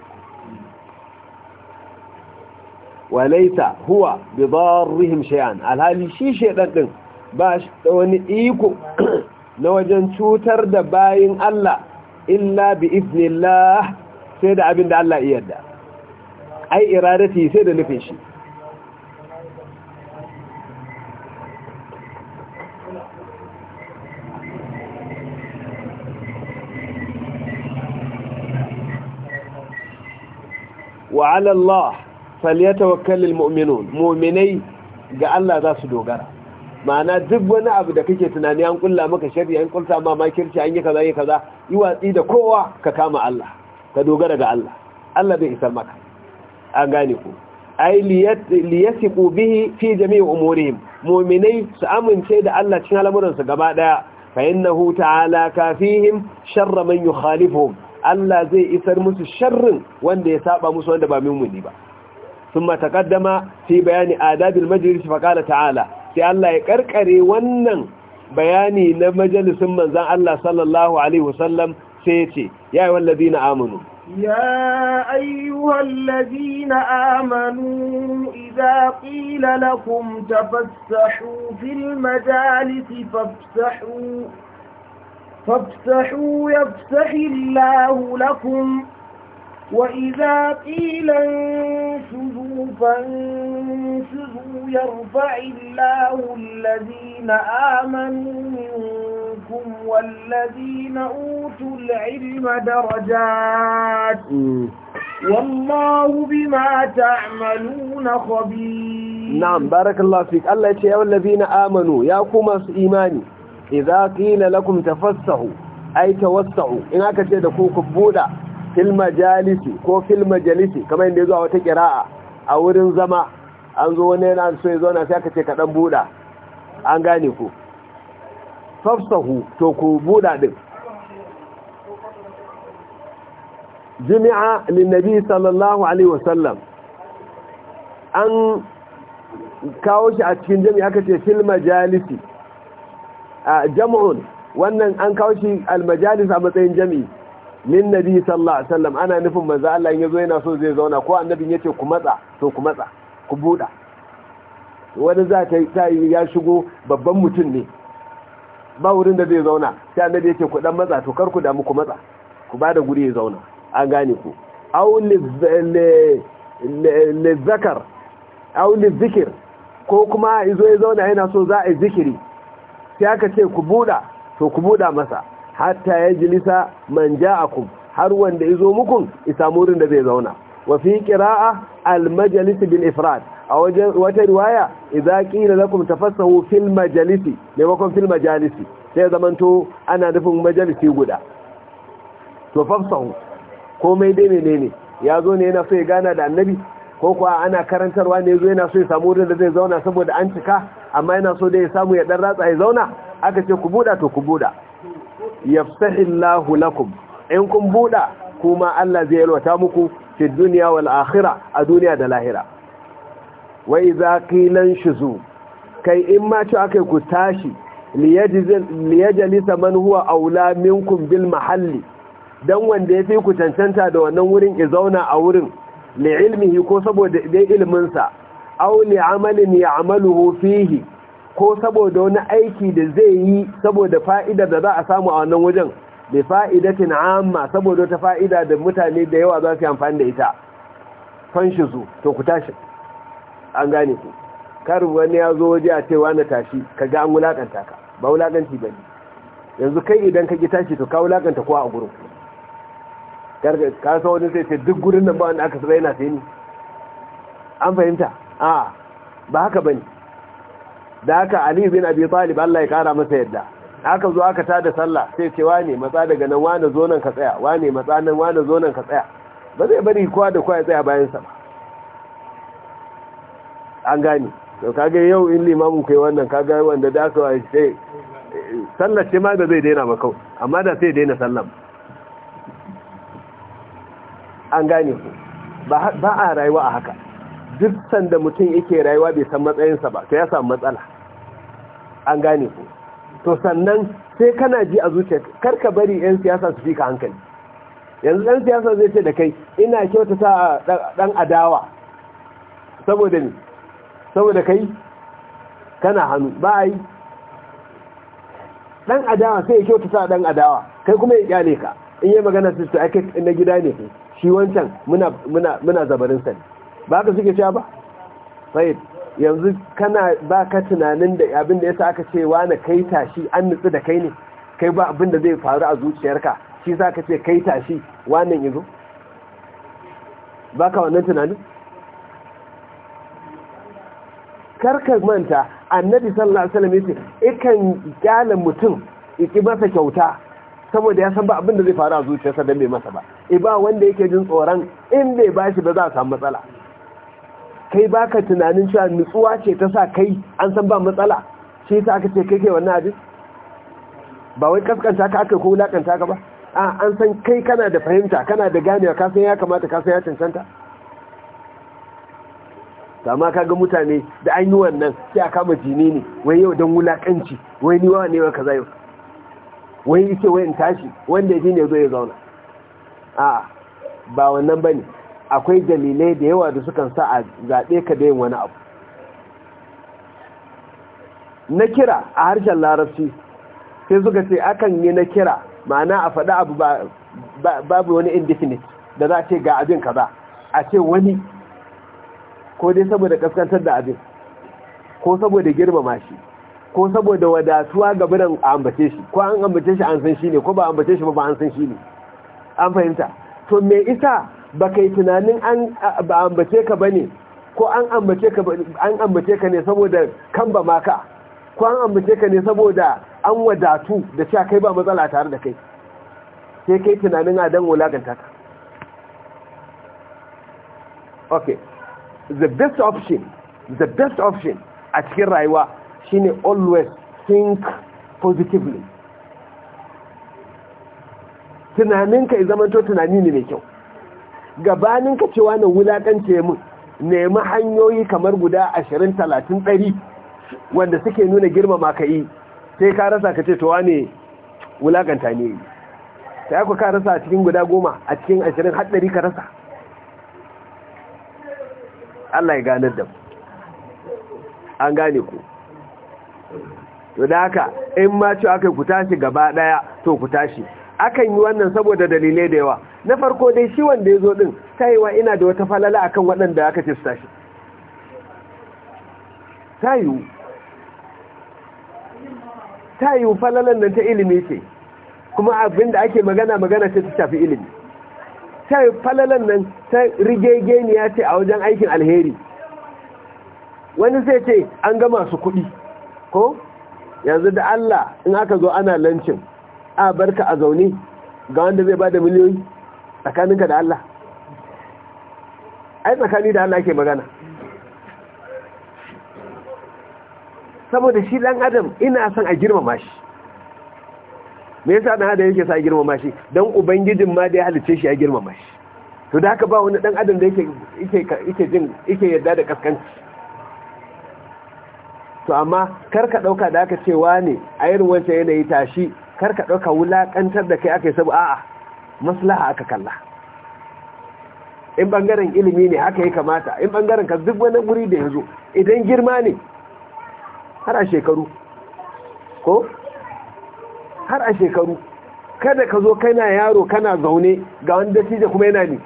walaita huwa bi darrihim shay'an alhali shi shedan din ba wani iko [CLEARS THROAT] na wajen cutar da bayin Allah illa bi iznillah sai da abin da Allah iya yarda ai iradati sai da nufin shi wa ala Allah falyatawakkalul mu'minun mu'minai ga Allah za su dogara ma'ana duk wani abu da kake tunani an kulla maka shari'a an kulta ma makirci an yi kaza yi kaza yi watsi da kowa ka kama Allah ka dogara ga Allah Allah zai isar maka an gane ku ai liyasiku bihi fi jami'i umurihim mu'minai su amince da Allah cikin al'amuran su gaba daya fa innahu ta'ala kafihim sharra man yukhalifuhum Allah zai isar musu sharrin wanda ya saba musu wanda ba mu'mini ba thumma taqaddama fi bayani adabil majlis fa qala ta'ala sai Allah ya karkare wannan bayani na majalisin manzon Allah sallallahu alaihi سيتي يا أيها الذين آمنوا يا أيها الذين آمنوا إذا قيل لكم تفسحوا في المجالس فافسحوا فافسحوا يفسح الله لكم وإذا قيل انشدوا فانشدوا يرفع الله الذين آمنوا منكم منكم والذين أوتوا العلم درجات والله بما تعملون خبير نعم بارك الله فيك الله يا والذين آمنوا يا كما إيماني إذا قيل لكم تفسحوا أي توسعوا إنك تدكوك بودا في المجالس كو في المجالس كما يندزوا وتكراء أو رنزما أنزوا ونين أنسوا يزونا سيكتك أنبودا an gane ku safsahu to ku buɗa ɗin jimi'a linnabi sallallahu alaihi wasallam an kawo shi a cikin jami'a aka ce fil majalisi a jam'un wannan an kawo shi majalis a matsayin jami'i min nabi sallallahu alaihi wasallam ana nufin manzo Allah in yazo yana so zai zauna ko annabin yace ku matsa to ku matsa ku buda wani za ta yi ya shigo babban mutum ne ba wurin da zai zauna sai annabi yake ku dan matsa to kar ku damu ku matsa ku bada guri ya zauna an gane ku aw li zakar aw zikir ko kuma izo ya zauna yana so za a zikiri sai aka ce ku buda to ku buda masa hatta yajlisa man ja'akum har wanda izo muku isa wurin da zai zauna wa fi qira'a al majlis bil ifrad a wajen wata riwaya idza qila lakum tafassahu fil majalisi maimakon fil majalisi sai zamanto ana nufin majalisi guda to fafsahu komai dai menene ya zo ne yana so ya gana da annabi ko kuwa ana karantarwa ne yazo yana so ya samu wurin da zai zauna saboda an cika amma yana so da ya samu ya dan ratsa ya zauna aka ce ku buda to ku buda yafsahillahu lakum in kun buda kuma Allah zai yalwata muku fi dunya wal akhirah a duniya da lahira wai za ƙilan shi zu kai in ma ci aka ku tashi liyajalisa a wula aula kun bil mahalli Don wanda ya fi ku cancanta da wannan wurin ya zauna a wurin li ilmihi ko saboda dai ilminsa au li amalin amalu fihi ko saboda wani aiki da zai yi saboda fa'idar da za a samu a wannan wajen da fa'idatin amma saboda ta fa'ida da mutane da yawa za su yi amfani da ita fanshi su to ku tashi an gane ku karin wani ya zo waje a cewa na tashi ka ga an wulakanta ka ba wulakanci ba ne yanzu kai idan ka ki tashi to ka wulakanta kowa a gurin ka sa wani sai ce duk gurin nan ba wanda aka saba yana sai ni an fahimta a ba haka ba ne da haka aliyu bin abi talib allah ya kara masa yadda aka zo aka tada sallah sai ce wane matsa daga nan wane zo nan ka tsaya wane matsa nan wane zo nan ka tsaya ba zai bari kowa da kowa ya tsaya bayan sa ba an gane to kaga yau in limamin kai wannan kage wanda da aka sai sallar ce ma da zai daina ba amma da sai daina sallar an gane ku ba a rayuwa a haka duk sanda mutum yake rayuwa bai san matsayinsa ba to ya samu matsala an gane ku to sannan sai kana ji a zuciya karka bari 'yan siyasa su fika ka hankali yanzu ɗan siyasa zai ce da kai ina kyautata dan adawa saboda ni saboda kai kana hannu ba a yi ɗan adawa sai ya kyauta sa ɗan adawa kai kuma ya kyale ka in yi magana su su ake na gida ne su. shi wancan muna zabarin sani ba ka suke sha ba sai yanzu kana ba ka tunanin da abin da ya sa aka ce wa na kai tashi an nutsu da kai ne kai ba abin da zai faru a zuciyarka shi sa ka ce kai tashi wannan yanzu ba ka wannan tunanin karkar manta annabi sallallahu alaihi wasallam yace ikan kyalan mutum iki masa kyauta saboda ya san ba abin da zai faru a zuciyarsa dan bai masa ba Iba eh, wanda yake jin tsoron in bai bashi ba za a samu matsala kai baka tunanin cewa nutsuwa ce ta sa kai an san ba matsala shi yasa aka ce kai kai wannan abin ba wai kaskanta ka aka ko wulakanta ka ba a an san kai kana da fahimta kana da ganewa ka san ya kamata ka san ya cancanta to amma kaga mutane da an yi wannan sai a kama jini ne wai yau don wulakanci wai ni wa wa kaza yau wai yake wai in tashi wanda ya ne zo ya zauna a ba wannan bane akwai dalilai da yawa da sukan sa a zaɓe ka da yin wani abu na kira a harshen larabci sai suka ce akan yi na kira ma'ana a faɗi abu babu wani indefinite da za a ce ga abin kaza a ce wani ko dai saboda kaskantar da abin ko saboda girmama shi ko saboda wadatuwa ga biran a ambace shi ko an ambace shi an san shi ne ko ba ambace shi ba an san shi ne an fahimta to me isa ba kai tunanin an ba ambace ka bane ko an ambace ka an ambace ka ne saboda kan ba maka ko an ambace ka ne saboda an wadatu da cewa kai ba matsala tare da kai sai kai tunanin a dan wulakanta ka okay the best option the best option a cikin rayuwa shine always think positively tunaninka ya zamanto tunani ne mai kyau gabaninka cewa na wulakance mun nemi hanyoyi kamar guda ashirin talatin wanda suke nuna girmama ka yi sai ka rasa ka ce towa ne wulakanta ne yi ta ka rasa a cikin guda goma a cikin ashirin haɗari ka rasa Allah ya ganar da mu an gane ku to da haka in ma ci aka ku tashi gaba daya to ku tashi akan yi wannan saboda dalilai da yawa na farko dai shi wanda ya zo din tayiwa ina da wata falala akan waɗanda aka ce su tashi tayu tayu falalan nan ta ilimi ce kuma abinda ake magana magana ce ta shafi ilimi ta falalan nan ta rigegeniya ce a wajen aikin alheri wani sai ce an ga masu kuɗi ko yanzu da Allah in aka zo ana lancin a barka a zaune ga wanda zai ba da miliyoyi tsakaninka da Allah ai tsakani da Allah ke magana saboda shi ɗan adam ina son a girmama shi me yasa dan adam yake sa girmama shi dan ubangijin ma da ya halice shi ya girmama shi to da haka ba wani dan adam da yake yake jin yake yarda da kaskanci to amma kar ka dauka da aka cewa ne a irin wancan yanayi tashi kar ka dauka wulakantar da kai akai sabu a'a maslaha aka kalla in bangaren ilimi ne haka ya kamata in bangaren ka duk wani guri da yanzu idan girma ne har a shekaru ko har a shekaru kada ka zo kana yaro kana zaune ga wani da kuma yana ne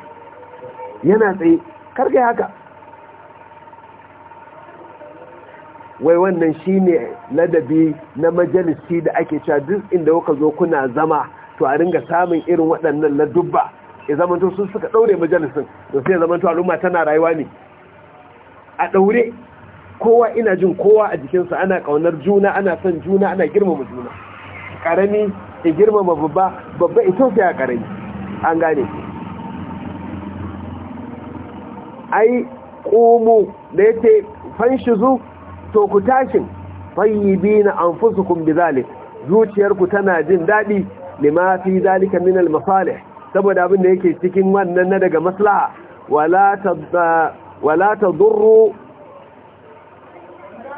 yana tsaye karkai haka wai wannan shi ne ladabi na majalisi da ake cewa duk inda kuka zo kuna zama to a ringa samun irin waɗannan ladubba ya zamanto sun suka ɗaure majalisin da sai zamanto al'umma tana rayuwa ne a ɗaure kowa ina jin kowa a jikinsa ana ƙaunar juna ana son juna ana girmama juna karami ya girmama babba babba ito fi a karami an gane ai ƙumu da ya ce zu, to ku tashin fayyibi na an fusukun zuciyarku tana jin daɗi ma fi zalika min al saboda abin da yake cikin wannan na daga maslaha wala ta durru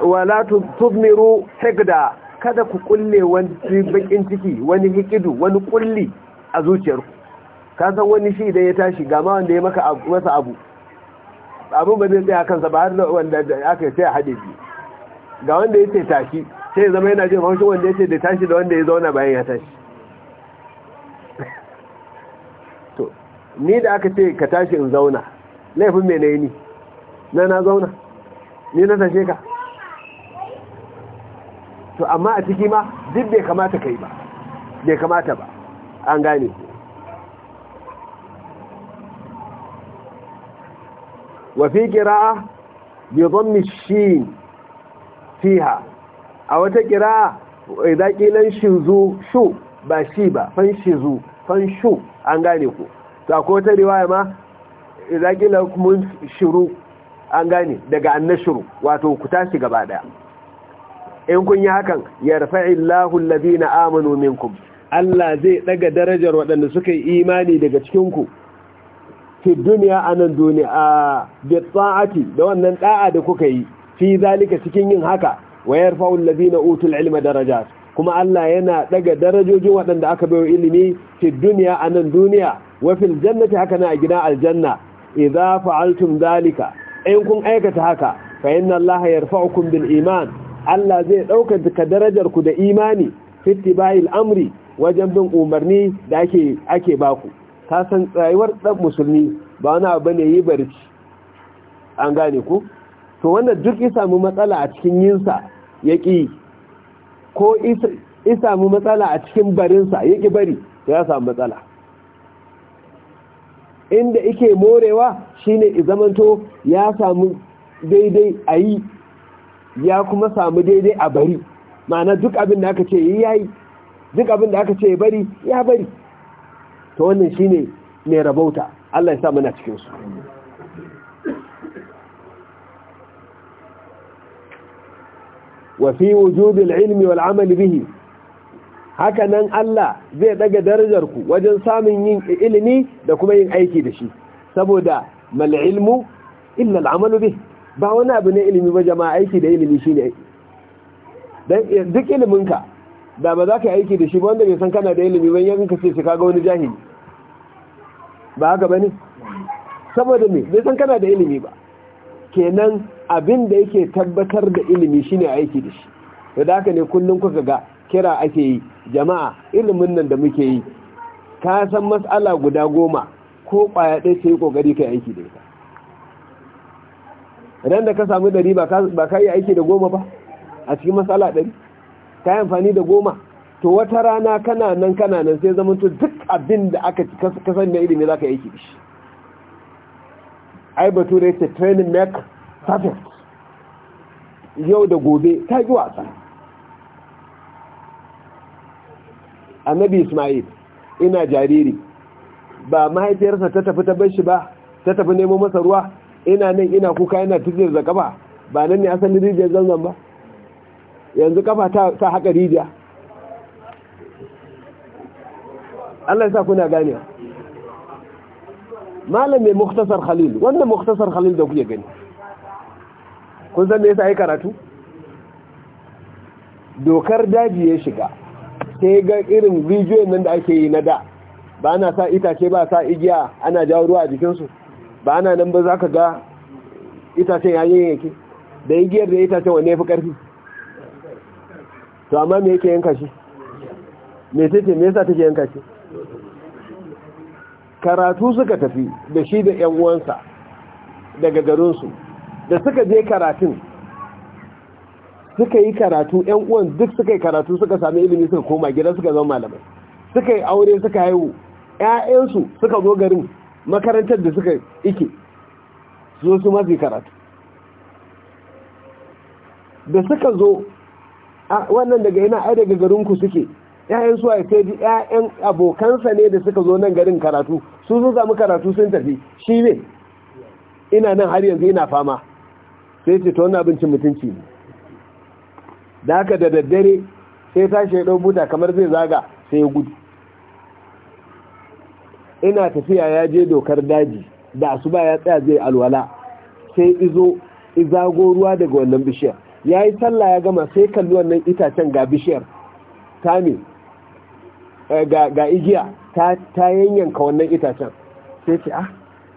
wala tubmiru hegda kada ku kulle wani bakin ciki wani hikidu wani kulli a zuciyarku ka san wani shi idan ya tashi ga ma wanda ya maka masa abu abun ba zai tsaya kansa ba har wanda aka sai a hade shi ga wanda ya ce tashi sai zama yana jin haushin wanda ya ce da tashi da wanda ya zauna bayan ya tashi [LAUGHS] to ni da aka ce ka tashi in zauna laifin yi ni na na zauna ni na tashe ka to amma a ciki ma duk bai kamata kai ba bai kamata ba an gane wafi kira'a bi dhammi shin fiha a wata kira'a idan kilan shinzu shu ba shi ba fan shizu fan shu an gane ku to akwai wata riwaya ma idan kilan mun shiru an gane daga annashuru wato ku tashi gaba daya in kun yi hakan Illahu yarfa'illahu na amanu minkum Allah zai ɗaga darajar waɗanda suka yi imani daga cikinku fi duniya anan duniya bi ta'ati da wannan ɗa'a da kuka yi fi zalika cikin yin haka wa yarfa'u na utul ilma daraja. kuma Allah yana ɗaga darajojin waɗanda aka bayo ilimi fi duniya anan duniya wa fil jannati haka na a gina aljanna idza fa'altum zalika in kun aikata haka fa inna allaha yarfa'ukum bil iman Allah zai ɗauka ka darajar ku da imani fiti bayil amri wajen bin umarni da ake baku ka san tsayuwar ɗan musulmi ba wani abu ne yi barci an gane ku to wanda duk isa samu matsala a cikin yinsa ya ƙi ko isa samu matsala a cikin barinsa ya ƙi bari to ya samu matsala inda ike morewa shine izamanto ya samu daidai a yi ya kuma samu daidai a bari ma'ana duk abin da aka ce yi yayi duk abin da aka ce bari ya bari Ta wannan shine mai rabauta Allah ya sa muna cikinsu. Wafi wujudu ilmi wal bihi hakanan Allah zai daga darajar ku wajen samun yin ilimi da kuma yin aiki da shi saboda mal ilmu illa al'amalu bihi ba wani abu ne ilimi ba jama'a aiki da ilimi shi dan eh, duk iliminka da ba za ka yi aiki da shi ba wanda bai san kana da ilimi ban yankin ka ce shi kaga wani jahili ba haka ba ne saboda me bai san kana da ilimi ba kenan abin da yake tabbatar da ilimi shi ne aiki da shi to da haka ne kullum kuka ga kira ake yi jama'a ilimin nan da muke yi ka san mas'ala guda goma ko kwaya ɗaya sai ka yi aiki da ita idan da ka samu dari ba ka yi aiki da goma ba a cikin matsala dari ka yi amfani da goma to wata rana kana nan kana nan sai zama to duk abin da aka kasan da ilimi za ka yi aiki da shi ai bature ya ce training make perfect yau da gobe ta yi wasa annabi ismail ina jariri ba mahaifiyarsa ta tafi ta bar shi ba ta tafi nemo masa ruwa ina nan ina kuka ina tuzir da kafa ba nan ne asalin rijiyar zanzan ba yanzu kafa ta haka rijiya Allah ya sa kuna gani malam mai muktasar khalil wannan muktasar khalil da kuke gani kun san me yasa ai karatu dokar daji ya shiga sai ga irin rijiyoyin nan da ake yi na da ba na sa itace ba sa igiya ana jawo ruwa a jikinsu ba ana nan ba za ka ga itacen ya yake da giyar da itacen wanne ya fi ƙarfi to amma me yake yanka shi me tete me yasa take yanka shi karatu suka tafi da shi da ƴan uwansa daga garinsu da suka je karatun suka yi karatu ƴan uwan duk suka yi karatu suka sami ilimi suka koma gida suka zama malamai suka yi aure suka haihu ƴaƴansu suka zo garin makarantar da suka ike zo su mafi karatu da suka zo wannan daga yana ai daga garinku suke ‘ya'yan suwa ya sai ‘ya'yan abokansa ne da suka zo nan garin karatu su zo zama karatu sun tafi shi ne ina nan har yanzu ina fama sai ce ta wani abincin mutunci ne da haka da daddare sai tashi ya ɗau buta kamar zai zaga sai ya gudu ina tafiya ya je dokar daji da asuba ya tsaya zai alwala sai izo izago ruwa daga wannan bishiyar ya yi sallah ya gama sai kalli wannan itacen ga bishiyar ta ne eh, ga igiya ta yanyanka wannan itacen sai ce ah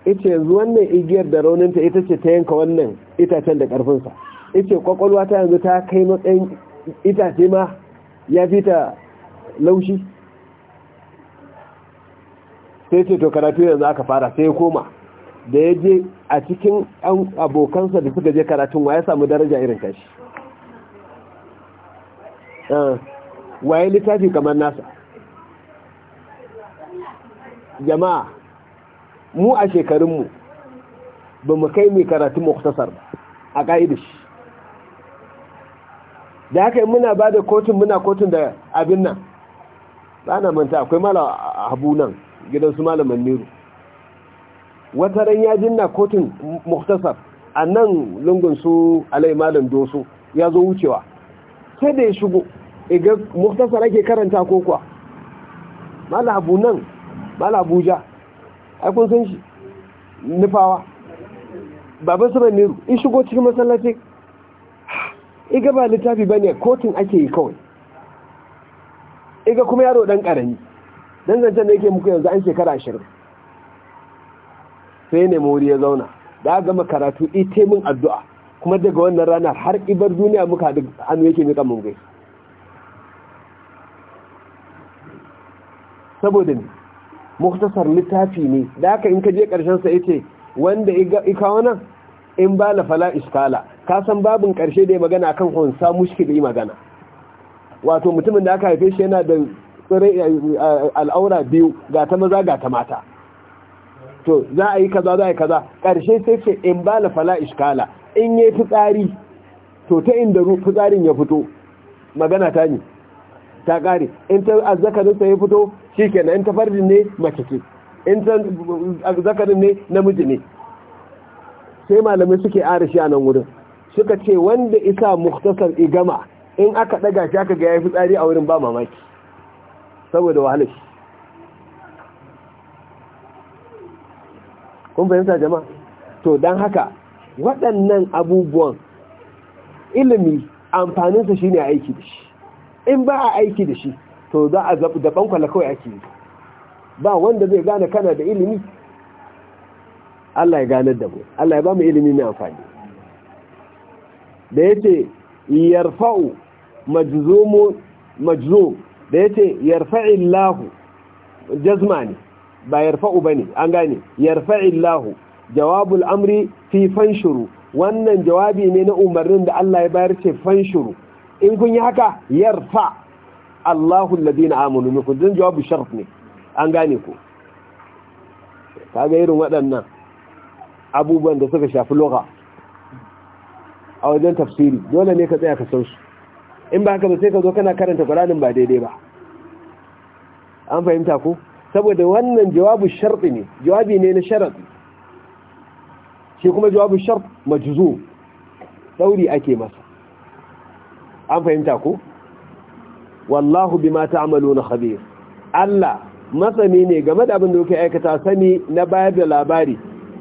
ita yanzu wannan igiyar da rauninta ita ce ta yanka wannan itacen da karfinsa ita kwakwalwa ta yanzu ta kai matsayin itace ma ya fi ta laushi sai ce to karatu yanzu aka fara sai ya koma da ya je a cikin abokansa da suka je karatun wa ya samu daraja irin kashi ah, waye littafi kamar nasa jama'a mu a shekarunmu ba mu kai mai karatu muktasar a ƙa'idishi da haka yi muna ba da kotun muna kotun da abin nan ba na manta akwai mala Habu nan gidan su malaman niru wata ran ya jinna kotun muktasar a nan lungun su alai malam doso ya zo wucewa sai da ya shigo iga muktasar ake karanta kokuwa, malam abu nan mala abuja ai kun san shi nufawa baban su niru in shigo cikin masallaci iga ba littafi bane kotun ake yi kawai iga kuma yaro dan karami dan zancen da yake muku yanzu an shekara ashirin sai ne mori ya zauna da gama karatu ita min addu'a kuma daga wannan ranar har ibar duniya muka duk hannu yake mika mun gai saboda ne muktasar littafi ne da haka in ka je karshen sa ce, wanda ika wana in ba la fala iskala ka san babin karshe da ya magana kan hunsa mushkili magana wato mutumin da aka haife shi yana da Eh, eh, eh, al'aura biyu ga ta maza ga ta mata to za a yi kaza za a yi kaza ƙarshe sai ce in ba la fala iskala in yi fitsari to ta inda fitsarin ya fito magana ta ne ta ƙare in ta azzakarinsa ya fito shi kenan in ta farjin ne mace ce in ta azzakarin ne namiji ne sai malamai suke arashi a nan wurin suka ce wanda isa muhtasar igama in aka ɗaga shi aka ga ya yi fitsari a wurin ba mamaki saboda wahalar shi kun fahimta jama'a to don haka waɗannan abubuwan ilimi amfaninsa shi shine aiki da shi in ba a aiki da shi to za a zaɓi da bankwala kawai ake yi ba wanda zai gane kana da ilimi Allah ya ganar da mu Allah ya ba mu ilimi mai amfani da yace yarfa'u majzumu da ya ce yarfa'illahu jazma ne ba yarfa'u ba ne an gane lahu jawabul amri fi fanshuru wannan jawabi ne na umarnin da Allah ya bayar ce fanshuru in kun yi haka yarfa Allahu alladhina amanu ne dan jawabu sharf ne an gane ku ga irin waɗannan abubuwan da suka shafi loga a wajen tafsiri dole ne ka tsaya ka san su in ba haka ba sai ka zo kana karanta Qur'anin ba daidai ba an fahimta ko saboda wannan jawabu sharti ne jawabi ne na sharadi shi kuma jawabu shart majzu dauri ake masa an fahimta ko wallahu bima ta'maluna khabir Allah masani ne game da abin da kuke aikata sani na bayar da labari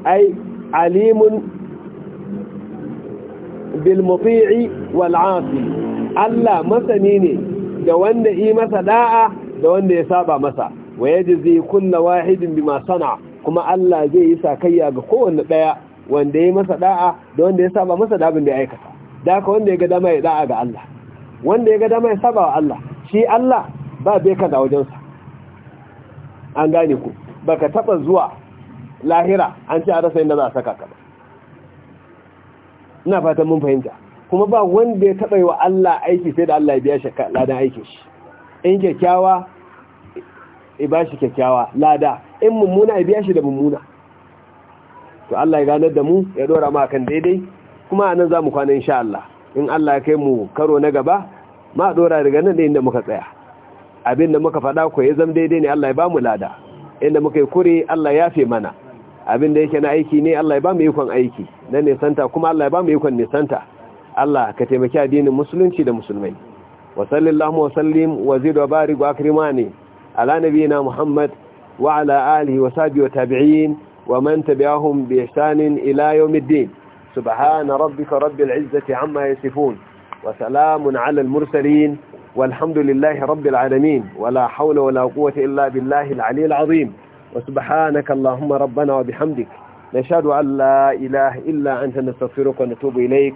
ai alimun bil muti'i wal 'asi Allah masani ne da wanda yi masa da'a da wanda ya saba masa wa zai kulla wahidin ma sana kuma Allah zai yi sakayya ga kowanne daya wanda ya masa da'a da wanda ya saba masa da abin da ya aikata da ka wanda ya ga dama ya da'a ga Allah wanda ya ga dama ya saba wa Allah shi Allah ba bai ka da wajensa an gane ku baka taba zuwa lahira an ce a rasa inda za a saka ka ba ina fatan mun fahimta kuma ba wanda ya taɓa yi wa Allah aiki sai da Allah ya biya shi ladan aikin shi in kyakkyawa ya ba shi kyakkyawa lada in mummuna ya biya shi da mummuna to Allah ya ganar da mu ya dora ma akan daidai kuma anan za mu kwana insha Allah in Allah ya kai mu karo na gaba ma dora daga nan da inda muka tsaya abin da muka faɗa ko ya zama daidai ne Allah ya ba mu lada inda muka yi kure Allah ya fi mana abin da yake na aiki ne Allah ya ba mu ikon aiki na santa kuma Allah ya ba mu ikon nisanta Allah ka taimaki addinin musulunci da musulmai wa sallallahu wa sallim wa zid wa barik wa akrimani ala nabina muhammad wa ala alihi wa sahbihi wa tabi'in wa man tabi'ahum bi ihsanin ila yawmiddin subhana rabbika rabbil izzati amma yasifun wa salamun ala al mursalin والحمد لله رب العالمين ولا حول ولا قوة إلا بالله العلي العظيم وسبحانك اللهم ربنا وبحمدك نشهد أن لا إله إلا أنت نستغفرك ونتوب إليك